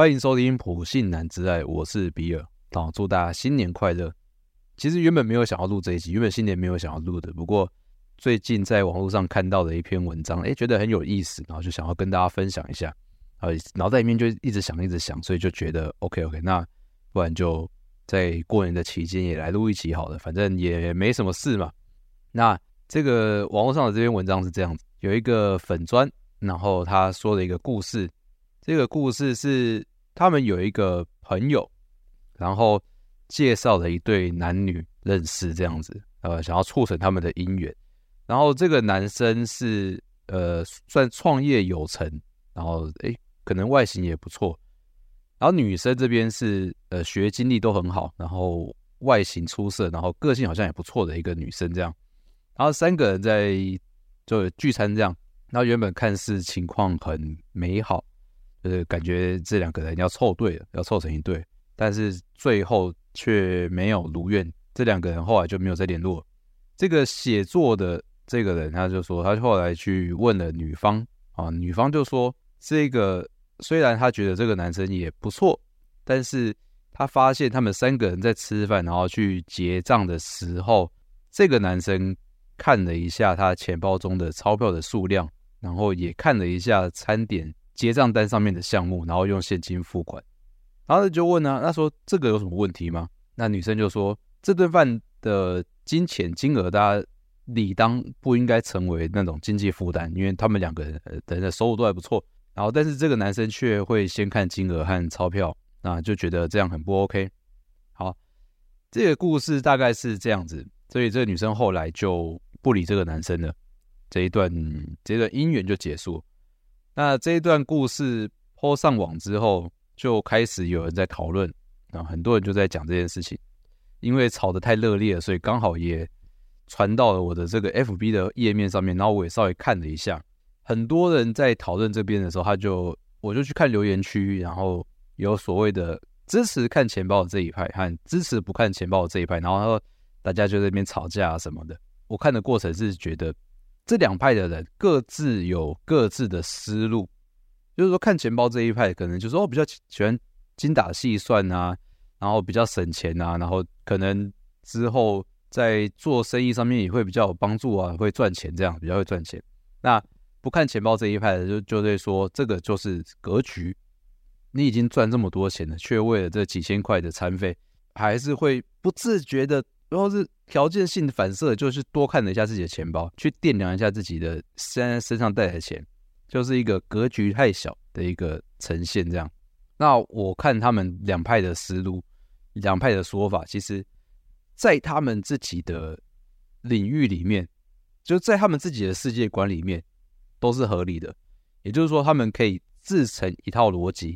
歡迎收聽普《普信男之愛》，我是比爾。然後祝大家新年快樂。其實原本沒有想要錄這一集，原本新年沒有想要錄的。不過最近在網絡上看到的一篇文章，哎，覺得很有意思，然後就想要跟大家分享一下。啊，腦袋裡面就一直想，一直想，所以就覺得 OK OK。那不然就在過年的期間也來錄一期好了，反正也沒什麼事嘛。那這個網絡上的這篇文章是這樣子，有一個粉專，然後他說了一個故事，這個故事是。他們有一個朋友，然後介紹了一對男女認識，這樣子，呃，想要促成他們的姻緣。然後這個男生是，呃，算創業有成，然後誒可能外形也不錯。然後女生這邊是，呃，學經歷都很好，然後外形出色，然後個性好像也不錯的一個女生，這樣。然後三個人在就聚餐這樣，那原本看似情況很美好。就是感覺這兩個人要湊對了，要湊成一對，但是最後卻沒有如願。這兩個人後來就沒有再聯絡了。這個寫作的這個人，他就說，他後來去問了女方啊，女方就說，這個雖然他覺得這個男生也不錯，但是他發現他們三個人在吃飯，然後去結賬的時候，這個男生看了一下他錢包中的鈔票的數量，然後也看了一下餐點。結賬單上面的項目，然後用現金付款，然後就問呢、啊，那說這個有什麼問題嗎？那女生就說，這頓飯的金錢金額，大家理當不應該成為那種經濟負擔，因為他們兩個人等人的收入都還不錯，然後但是這個男生卻會先看金額和鈔票，那就覺得這樣很不 OK。好，這個故事大概是這樣子，所以這個女生後來就不理這個男生了，這一段這一段姻緣就結束了。那這一段故事 Po 上網之後，就開始有人在討論，然後很多人就在講這件事情，因為吵得太熱烈了，所以剛好也傳到了我的這個 FB 的頁面上面，然後我也稍微看了一下，很多人在討論這邊的時候，他就我就去看留言區，然後有所謂的支持看錢包的這一派和支持不看錢包的這一派，然後他說，大家就在那邊吵架啊什麼的，我看的過程是覺得。這兩派的人各自有各自的思路，就是說看錢包這一派可能就是說我、哦、比較喜歡精打細算啊，然後比較省錢啊，然後可能之後在做生意上面也會比較有幫助啊，會賺錢，這樣比較會賺錢。那不看錢包這一派的就就對說，這個就是格局，你已經賺這麼多錢了，卻為了這幾千塊的餐費，還是會不自覺的。然後是條件性的反射，就是多看了一下自己的錢包，去掂量一下自己的身身上帶的錢，就是一個格局太小的一個呈現這樣。那我看他們兩派的思路，兩派的說法，其實，在他們自己的領域裡面，就在他們自己的世界觀裡面，都是合理的。也就是說，他們可以自成一套邏輯，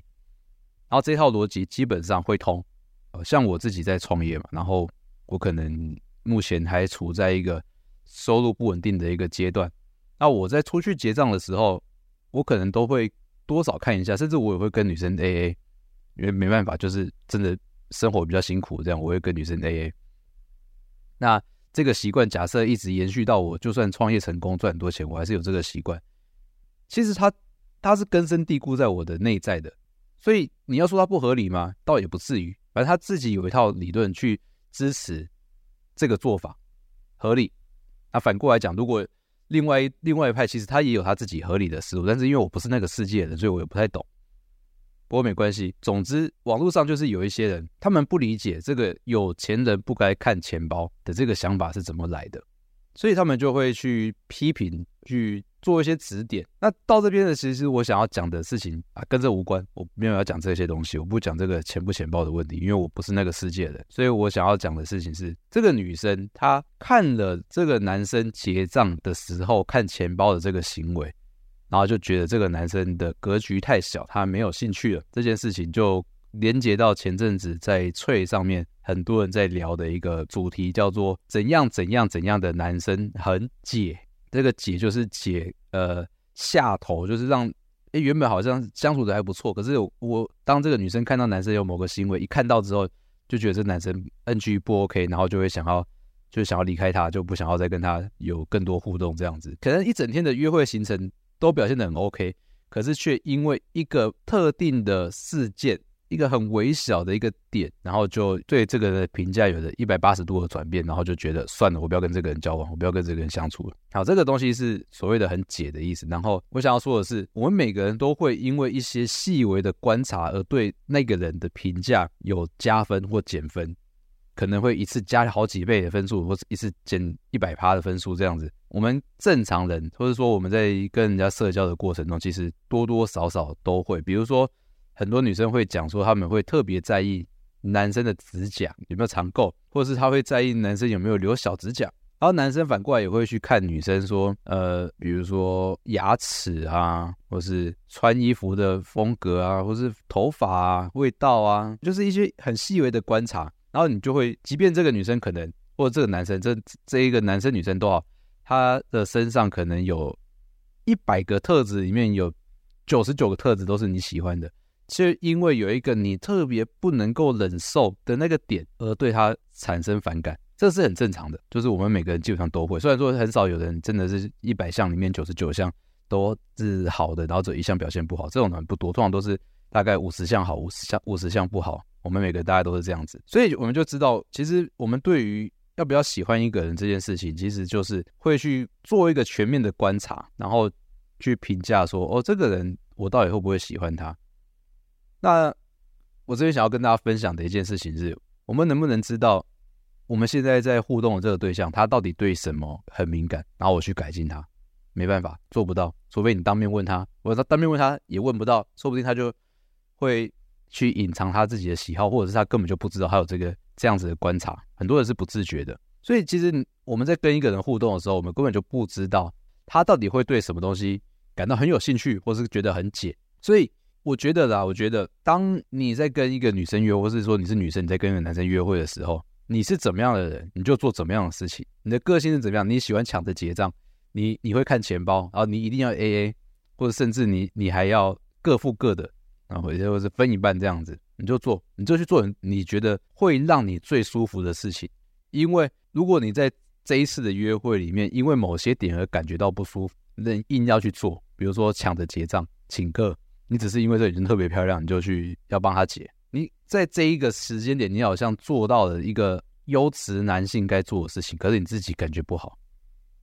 然後這套邏輯基本上會通。呃，像我自己在創業嘛，然後。我可能目前還處在一個收入不穩定的一個階段，那我在出去結賬的時候，我可能都會多少看一下，甚至我也會跟女生 AA，因為沒辦法，就是真的生活比較辛苦，這樣我會跟女生 AA。那這個習慣，假設一直延續到我就算創業成功賺很多錢，我還是有這個習慣。其實他他是根深蒂固在我的內在的，所以你要說他不合理嗎？倒也不至於，反正他自己有一套理論去。支持這個做法合理。那、啊、反過來講，如果另外另外一派，其實他也有他自己合理的思路，但是因為我不是那個世界的人，所以我也不太懂。不過沒關係，總之網絡上就是有一些人，他們不理解這個有錢人不該看錢包的這個想法是怎麼來的，所以他們就會去批評去。做一些指點。那到這邊呢，其實我想要講的事情啊，跟這無關。我沒有要講這些東西，我不講這個錢不錢包的問題，因為我不是那個世界的。所以我想要講的事情是，這個女生她看了這個男生結賬的時候看錢包的這個行為，然後就覺得這個男生的格局太小，她沒有興趣了。這件事情就連接到前陣子在脆上面很多人在聊的一個主題，叫做怎樣怎樣怎樣的男生很解。這個解就是解，呃，下頭就是讓，誒，原本好像相處的還不錯，可是我，我當這個女生看到男生有某個行為，一看到之後就覺得這男生 NG 不 OK，然後就會想要就想要離開他，就不想要再跟他有更多互動這樣子。可能一整天的約會行程都表現得很 OK，可是卻因為一個特定的事件。一個很微小的一個點，然後就對這個人的評價有着一百八十度的轉變，然後就覺得算了，我不要跟這個人交往，我不要跟這個人相處了。好，這個東西是所謂的很解的意思。然後我想要說的是，我們每個人都會因為一些細微的觀察而對那個人的評價有加分或減分，可能會一次加好幾倍的分數，或者一次減一百趴的分數這樣子。我們正常人，或者說我們在跟人家社交的過程中，其實多多少少都會，比如說。很多女生會講說，他們會特別在意男生的指甲有沒有長夠，或者是他會在意男生有沒有留小指甲。然後男生反過來也會去看女生說，說呃，比如說牙齒啊，或是穿衣服的風格啊，或是頭髮啊、味道啊，就是一些很細微的觀察。然後你就會，即便這個女生可能，或者這個男生這這一個男生女生都好，他的身上可能有一百個特質，裡面有九十九個特質都是你喜歡的。就因為有一個你特別不能夠忍受的那個點，而對他產生反感，這是很正常的。就是我們每個人基本上都會，雖然說很少有人真的是一百項裡面九十九項都是好的，然後這一項表現不好，這種人不多。通常都是大概五十項好，五十項五十項不好。我們每個人大概都是這樣子，所以我們就知道，其實我們對於要不要喜歡一個人這件事情，其實就是會去做一個全面的觀察，然後去評價說，哦，這個人我到底會不會喜歡他？那我這邊想要跟大家分享的一件事情是，我們能不能知道我們現在在互動的這個對象，他到底對什麼很敏感，然後我去改進他？沒辦法，做不到，除非你當面問他。或者他當面問他也問不到，說不定他就會去隱藏他自己的喜好，或者是他根本就不知道他有這個這樣子的觀察。很多人是不自覺的，所以其實我們在跟一個人互動的時候，我們根本就不知道他到底會對什麼東西感到很有興趣，或是覺得很解，所以。我覺得啦，我覺得當你在跟一個女生約，或是說你是女生你在跟一個男生約會的時候，你是怎麼樣的人，你就做怎麼樣的事情。你的個性是怎麼樣？你喜歡搶着結賬，你你會看錢包，然後你一定要 AA，或者甚至你你還要各付各的，然後或者是分一半這樣子，你就做，你就去做你覺得會讓你最舒服的事情。因為如果你在這一次的約會裡面，因為某些點而感覺到不舒服，那硬要去做，比如說搶着結賬，請客。你只是因為這已經特別漂亮，你就去要幫他解。你在這一個時間點，你好像做到了一個優質男性該做的事情，可是你自己感覺不好。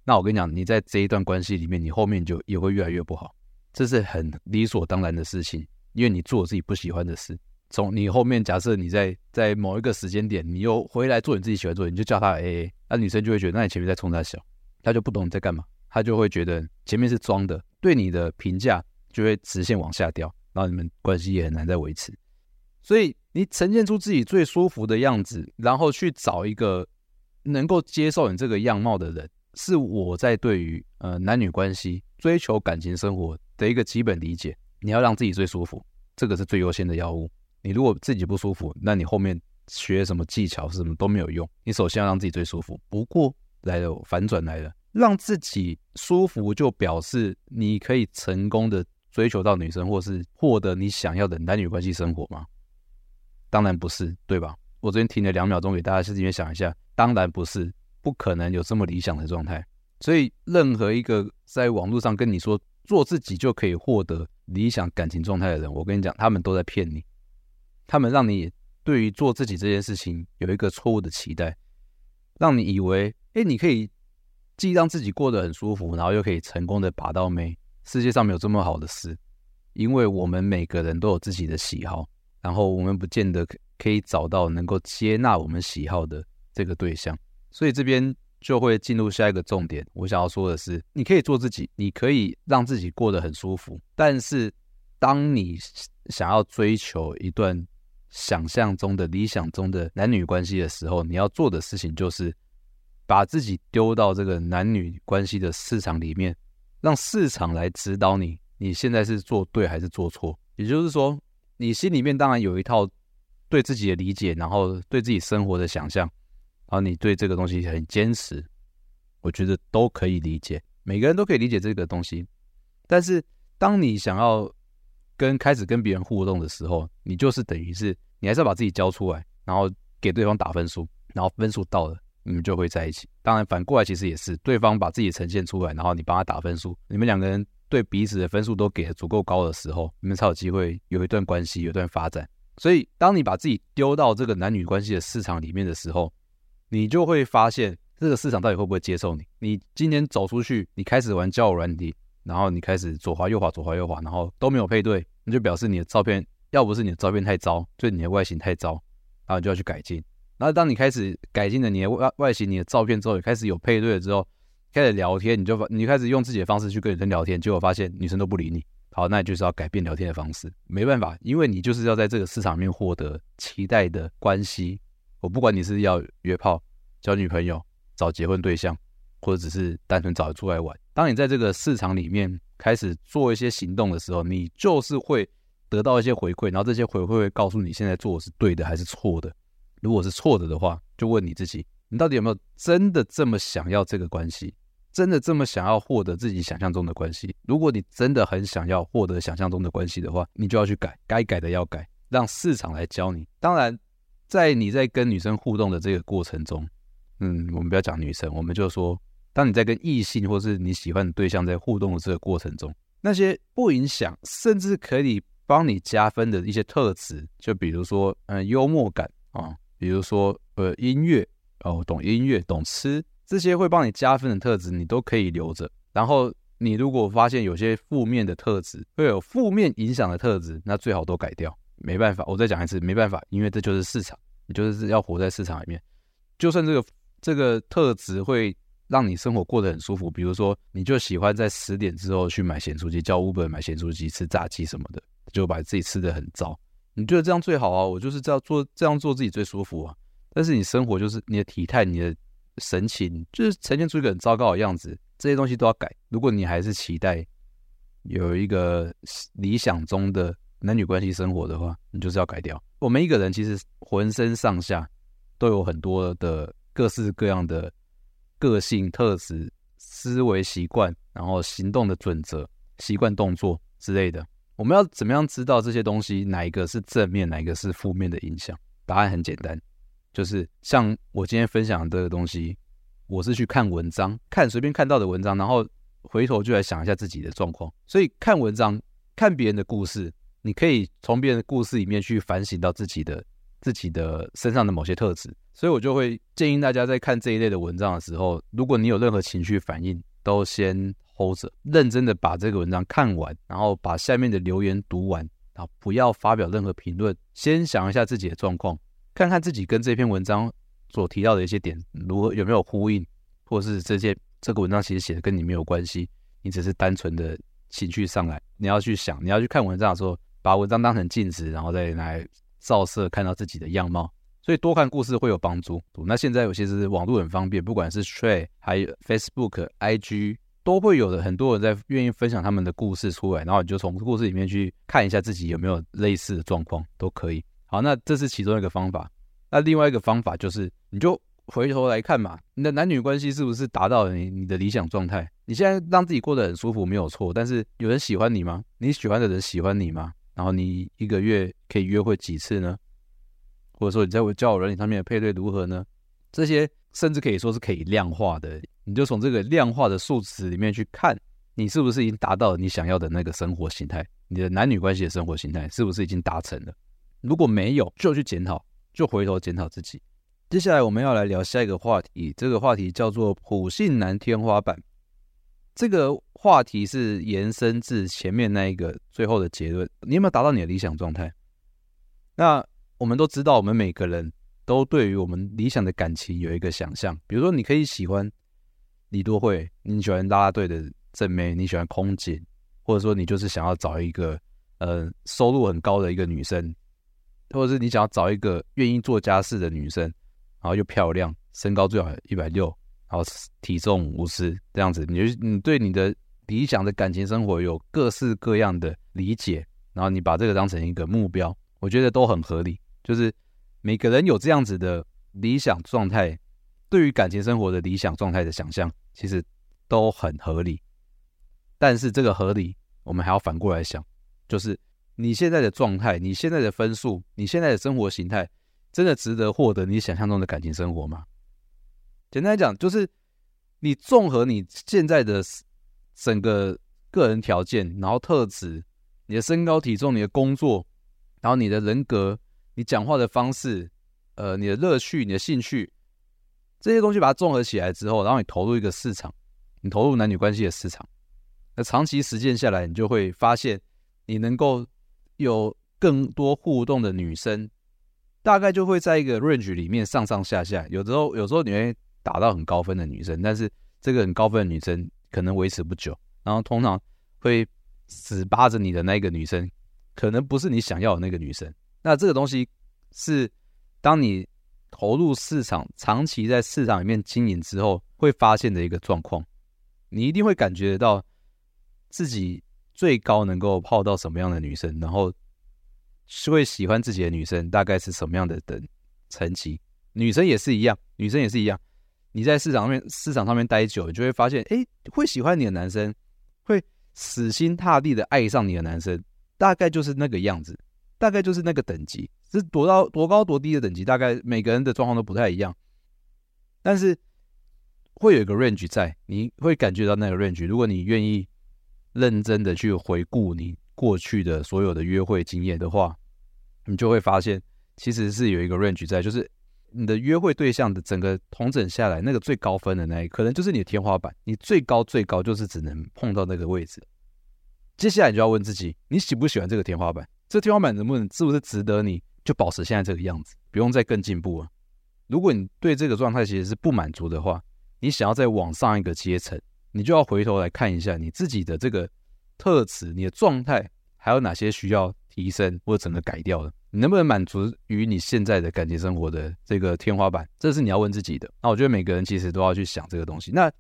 那我跟你講，你在這一段關係裡面，你後面就也會越來越不好，這是很理所當然的事情，因為你做自己不喜歡的事。從你後面假設你在在某一個時間點，你又回來做你自己喜歡做的，你就叫他 AA，那女生就會覺得，那你前面在衝她笑，她就不懂你在幹嘛，她就會覺得前面是裝的，對你的評價就會直線往下掉，然後你們關係也很難再維持。所以你呈現出自己最舒服的樣子，然後去找一個能夠接受你這個樣貌的人，是我在對於呃男女關係、追求感情生活的一個基本理解。你要讓自己最舒服，這個是最優先的要務。你如果自己不舒服，那你後面學什麼技巧是什麼都沒有用。你首先要讓自己最舒服。不過來了，反轉來了，讓自己舒服就表示你可以成功的。追求到女生，或是獲得你想要的男女關係生活嗎？當然不是，對吧？我這邊停了兩秒鐘，給大家這邊想一下。當然不是，不可能有這麼理想的狀態。所以，任何一個在網絡上跟你說做自己就可以獲得理想感情狀態的人，我跟你講，他們都在騙你。他們讓你對於做自己這件事情有一個錯誤的期待，讓你以為，誒、欸，你可以既讓自己過得很舒服，然後又可以成功的拔到妹。世界上沒有這麼好的事，因為我們每個人都有自己的喜好，然後我們不見得可以找到能夠接納我們喜好的這個對象，所以這邊就會進入下一個重點。我想要說的是，你可以做自己，你可以讓自己過得很舒服，但是當你想要追求一段想象中的理想中的男女關係的時候，你要做的事情就是把自己丟到這個男女關係的市場裡面。讓市場來指導你，你現在是做對還是做錯？也就是說，你心裡面當然有一套對自己的理解，然後對自己生活的想象，然後你對這個東西很堅持，我覺得都可以理解，每個人都可以理解這個東西。但是，當你想要跟，開始跟別人互動的時候，你就是等於是，你還是要把自己交出來，然後給對方打分數，然後分數到了。你們就會在一起。當然，反過來其實也是，對方把自己呈現出來，然後你幫他打分數。你們兩個人對彼此的分數都給得足夠高的時候，你們才有機會有一段關係，有一段發展。所以，當你把自己丟到這個男女關係的市場裡面的時候，你就會發現這個市場到底會不會接受你。你今天走出去，你開始玩交友軟體，然後你開始左滑右滑左滑右滑，然後都沒有配對，那就表示你的照片要不是你的照片太糟，就是你的外形太糟，然後你就要去改進。然後，當你開始改進了你的外外形、你的照片之後，也開始有配對了之後，開始聊天，你就發，你開始用自己的方式去跟女生聊天，結果發現女生都不理你。好，那你就是要改變聊天的方式。沒辦法，因為你就是要在這個市場裡面獲得期待的關係。我不管你是要約炮、交女朋友、找結婚對象，或者只是單純找出來玩。當你在這個市場裡面開始做一些行動的時候，你就是會得到一些回饋，然後這些回饋會告訴你現在做的是對的還是錯的。如果是錯的的話，就問你自己：你到底有沒有真的這麼想要這個關係？真的這麼想要獲得自己想象中的關係？如果你真的很想要獲得想象中的關係的話，你就要去改，該改的要改，讓市場來教你。當然，在你在跟女生互動的這個過程中，嗯，我們不要講女生，我們就說，當你在跟異性或是你喜歡的對象在互動的這個過程中，那些不影響甚至可以幫你加分的一些特質，就比如說，嗯，幽默感啊。嗯比如說，呃，音樂，哦，懂音樂，懂吃，這些會幫你加分的特質，你都可以留着。然後，你如果發現有些負面的特質，會有負面影響的特質，那最好都改掉。沒辦法，我再講一次，沒辦法，因為這就是市場，你就是要活在市場裡面。就算這個這個特質會讓你生活過得很舒服，比如說，你就喜歡在十點之後去買鹹酥雞，叫 Uber 買鹹酥雞，吃炸雞什麼的，就把自己吃得很糟。你覺得這樣最好啊？我就是這樣做，這樣做自己最舒服啊。但是你生活就是你的體態、你的神情，就是呈現出一個很糟糕的樣子，這些東西都要改。如果你還是期待有一個理想中的男女關係生活的話，你就是要改掉。我們一個人其實渾身上下都有很多的各式各樣的個性特質、思維習慣，然後行動的準則、習慣動作之類的。我們要怎麼樣知道這些東西哪一個是正面，哪一個是負面的影響？答案很簡單，就是像我今天分享的這個東西，我是去看文章，看隨便看到的文章，然後回頭就來想一下自己的狀況。所以看文章，看別人的故事，你可以從別人的故事裡面去反省到自己的自己的身上的某些特質。所以我就會建議大家在看這一類的文章的時候，如果你有任何情緒反應，都先。認真的把這個文章看完，然後把下面的留言讀完，然後不要發表任何評論。先想一下自己的狀況，看看自己跟這篇文章所提到的一些點如何，有沒有呼應，或是這些這個文章其實寫的跟你沒有關係，你只是單純的情緒上來。你要去想，你要去看文章的時候，把文章當成鏡子，然後再來照射，看到自己的樣貌。所以多看故事會有幫助。那現在有些是網絡很方便，不管是 t h i e 還有 Facebook、IG。都會有的，很多人在願意分享他們的故事出來，然後你就從故事裡面去看一下自己有沒有類似的狀況，都可以。好，那這是其中一個方法。那另外一個方法就是，你就回頭來看嘛，你的男女關係是不是達到了你你的理想狀態？你現在讓自己過得很舒服沒有錯，但是有人喜歡你嗎？你喜歡的人喜歡你嗎？然後你一個月可以約會幾次呢？或者說你在交友軟體上面的配對如何呢？這些甚至可以說是可以量化的。你就從這個量化的數值裡面去看，你是不是已經達到了你想要的那個生活形態？你的男女關係的生活形態是不是已經達成了？如果沒有，就去檢討，就回頭檢討自己。接下來我們要來聊下一個話題，這個話題叫做“普信男天花板”。這個話題是延伸至前面那一個最後的結論，你有沒有達到你的理想狀態？那我們都知道，我們每個人都對於我們理想的感情有一個想象，比如說你可以喜歡。你都會？你喜歡拉拉隊的正妹？你喜歡空姐？或者說你就是想要找一個呃收入很高的一個女生，或者是你想要找一個願意做家事的女生，然後又漂亮，身高最好一百六，然後體重五十這樣子。你就你對你的理想的感情生活有各式各樣的理解，然後你把這個當成一個目標，我覺得都很合理。就是每個人有這樣子的理想狀態，對於感情生活的理想狀態的想象。其實都很合理，但是這個合理，我們還要反過來想，就是你現在的狀態，你現在的分數，你現在的生活形態，真的值得獲得你想象中的感情生活嗎？簡單來講，就是你綜合你現在的整個個人條件，然後特質，你的身高體重，你的工作，然後你的人格，你講話的方式，呃，你的樂趣，你的興趣。這些東西把它綜合起來之後，然後你投入一個市場，你投入男女關係的市場。那長期實踐下來，你就會發現，你能夠有更多互動的女生，大概就會在一個 range 裡面上上下下，有時候有時候你會打到很高分的女生，但是這個很高分的女生可能維持不久，然後通常會死扒着你的那個女生，可能不是你想要的那個女生，那這個東西是當你投入市場，長期在市場裡面經營之後，會發現的一個狀況，你一定會感覺得到自己最高能夠泡到什麼樣的女生，然後是會喜歡自己的女生大概是什麼樣的等層級。女生也是一樣，女生也是一樣，你在市場上面市場上面待久，你就會發現，哎，會喜歡你的男生，會死心塌地的愛上你的男生，大概就是那個樣子，大概就是那個等級。這是多到多高多低的等級，大概每個人的狀況都不太一樣，但是會有一個 range 在，你會感覺到那個 range。如果你願意認真的去回顧你過去的所有的約會經驗的話，你就會發現其實是有一個 range 在，就是你的約會對象的整個統整下來，那個最高分的那一可能就是你的天花板，你最高最高就是只能碰到那個位置。接下來你就要問自己，你喜不喜歡這個天花板？這個天花板能不能，是不是值得你？就保持現在這個樣子，不用再更進步了。如果你對這個狀態其實是不滿足的話，你想要再往上一個階層，你就要回頭來看一下你自己的這個特質、你的狀態還有哪些需要提升或者整個改掉的。你能不能滿足於你現在的感情生活的這個天花板？這是你要問自己的。那我覺得每個人其實都要去想這個東西。那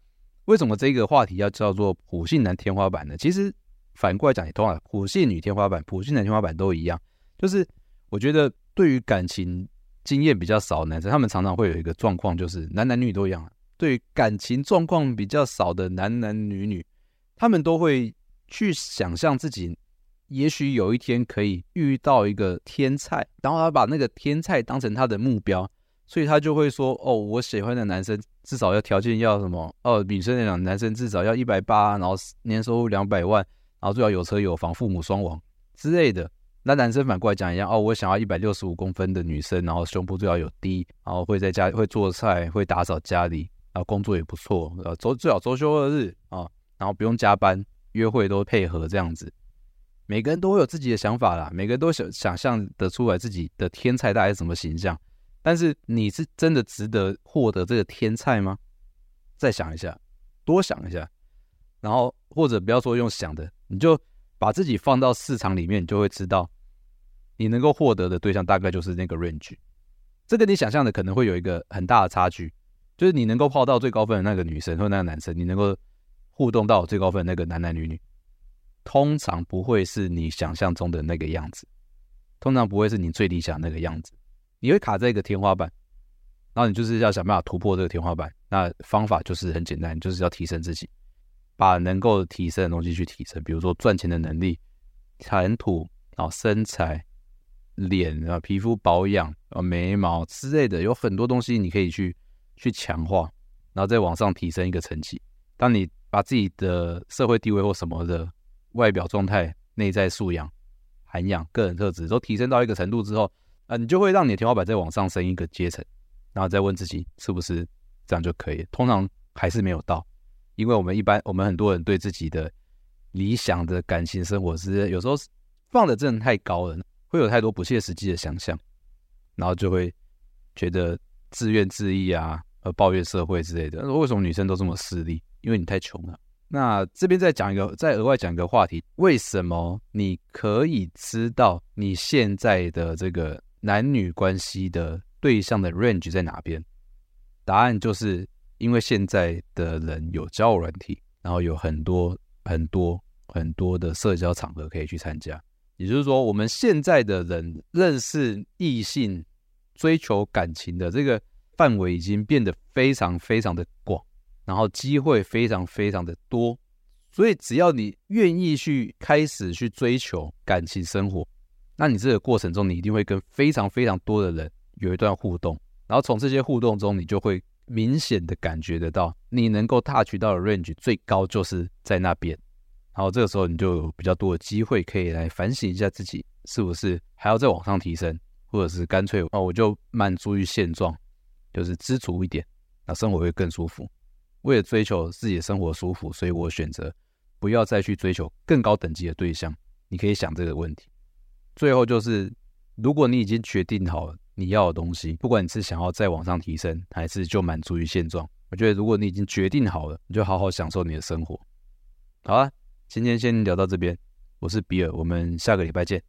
為什麼這個話題要叫做“普信男天花板”呢？其實反過來講也通啊，“普信女天花板”、“普信男天花板”都一樣，就是。我覺得，對於感情經驗比較少的男生，他們常常會有一個狀況，就是男男女女都一樣。對於感情狀況比較少的男男女女，他們都會去想象自己，也許有一天可以遇到一個天菜，然後他把那個天菜當成他的目標，所以他就會說：“哦，我喜歡的男生至少要條件要什麼？哦，女生的男生至少要一百八，然後年收入兩百萬，然後最好有車有房，父母雙亡之類的。”那男生反過來講一樣哦，我想要一百六十五公分的女生，然後胸部最好有 D，然後會在家會做菜，會打掃家裡，然後工作也不錯，呃，周最好周休二日啊、哦，然後不用加班，約會都配合這樣子。每個人都會有自己的想法啦，每個人都想想象得出來自己的天菜大概是什麼形象，但是你是真的值得獲得這個天菜嗎？再想一下，多想一下，然後或者不要說用想的，你就。把自己放到市場裡面，你就會知道，你能夠獲得的對象大概就是那個 range。這個你想象的可能會有一個很大的差距，就是你能夠泡到最高分的那個女生或那個男生，你能夠互動到最高分的那個男男女女，通常不會是你想象中的那個樣子，通常不會是你最理想那個樣子，你會卡在一個天花板，然後你就是要想辦法突破這個天花板。那方法就是很簡單，就是要提升自己。把能夠提升的東西去提升，比如說賺錢的能力、談吐、然後身材、臉啊、皮膚保養、眉毛之類的，有很多東西你可以去去強化，然後再往上提升一個層級。當你把自己的社會地位或什麼的外表狀態、內在素養、涵養、個人特質都提升到一個程度之後，啊、呃，你就會讓你的天花板再往上升一個階層。然後再問自己，是不是這樣就可以了？通常還是沒有到。因為我們一般，我們很多人對自己的理想的感情生活是有時候放的真的太高了，會有太多不切實際的想象，然後就會覺得自怨自艾啊，和抱怨社會之類的。為什麼女生都這麼勢利？因為你太窮了。那這邊再講一個，再額外講一個話題：為什麼你可以知道你現在的這個男女關係的對象的 range 在哪邊？答案就是。因為現在的人有交友軟體，然後有很多很多很多的社交場合可以去參加。也就是說，我們現在的人認識異性、追求感情的這個範圍已經變得非常非常的廣，然後機會非常非常的多。所以，只要你願意去開始去追求感情生活，那你這個過程中你一定會跟非常非常多的人有一段互動，然後從這些互動中你就會。明顯的感覺得到，你能夠 touch 到的 range 最高就是在那邊好，然後這個時候你就有比較多的機會可以來反省一下自己是不是還要再往上提升，或者是乾脆啊、哦、我就滿足於現狀，就是知足一點，那、啊、生活會更舒服。為了追求自己的生活舒服，所以我選擇不要再去追求更高等級的對象。你可以想這個問題。最後就是，如果你已經決定好了。你要的東西，不管你是想要再往上提升，還是就滿足於現狀，我覺得如果你已經決定好了，你就好好享受你的生活。好啊，今天先聊到這邊，我是比爾，我們下個禮拜見。